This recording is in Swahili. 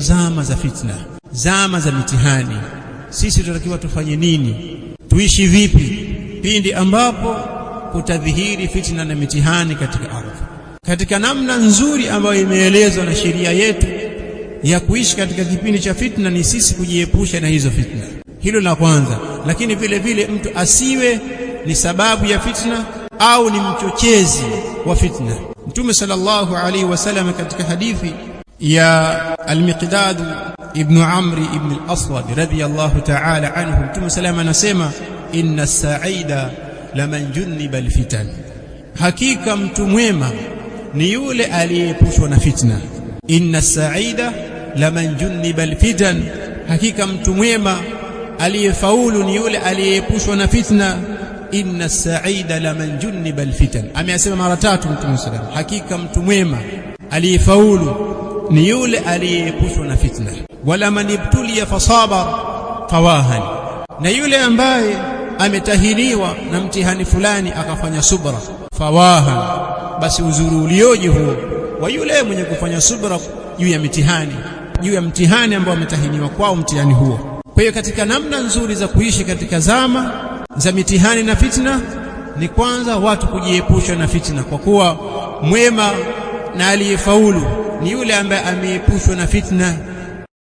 Zama za fitna, zama za mitihani, sisi tunatakiwa tufanye nini? Tuishi vipi pindi ambapo kutadhihiri fitna na mitihani katika ardhi, katika namna nzuri ambayo imeelezwa na sheria yetu ya kuishi katika kipindi cha fitna, ni sisi kujiepusha na hizo fitna. Hilo la kwanza, lakini vile vile mtu asiwe ni sababu ya fitna au ni mchochezi wa fitna. Mtume sallallahu alaihi wasallam katika hadithi يا المقداد ابن عمري ابن الأصود رضي الله تعالى عنه ثم سلام نسيما إن السعيد لمن جنب الفتن حقيقة تمويما نيول أليه فتنة إن السعيد لمن جنب الفتن حقيقة تمويما أليه فول نيول أليه فتنة إن السعيد لمن جنب الفتن أمي أسمى مرتات ثم سلام حقيقة تمويما ألي فول ni yule aliyeepushwa na fitna. Wala manibtulia fasaba fawahan, na yule ambaye ametahiniwa na mtihani fulani akafanya subra fawahan, basi uzuri ulioje huo wa yule mwenye kufanya subra juu ya mitihani juu ya mtihani ambao ametahiniwa kwao mtihani huo. Kwa hiyo katika namna nzuri za kuishi katika zama za mitihani na fitna ni kwanza watu kujiepusha na fitna, kwa kuwa mwema na aliyefaulu ni yule ambaye ameepushwa na fitna